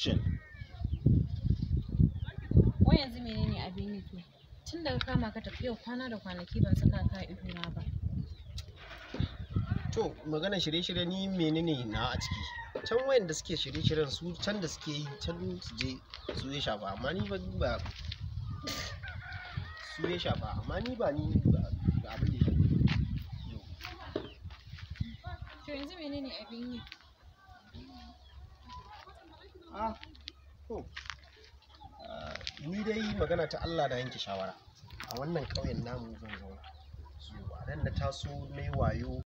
shin wai yanzu menene abin nufi tun daga kama ka tafi yau kwana da kwanaki ban saka ka ido na ba to magana shirye-shirye ni menene na a ciki can wayan da suke shirye-shiryen su can da suke yi can su je su ya shafa amma ni ba ba su ya shafa amma ni ba ni ba abin da ya shafa to yanzu menene abin yi a to eh, ni dai magana ta Allah na yanke shawara a wannan ƙauyen namu zan zauna so a nan na taso na wayo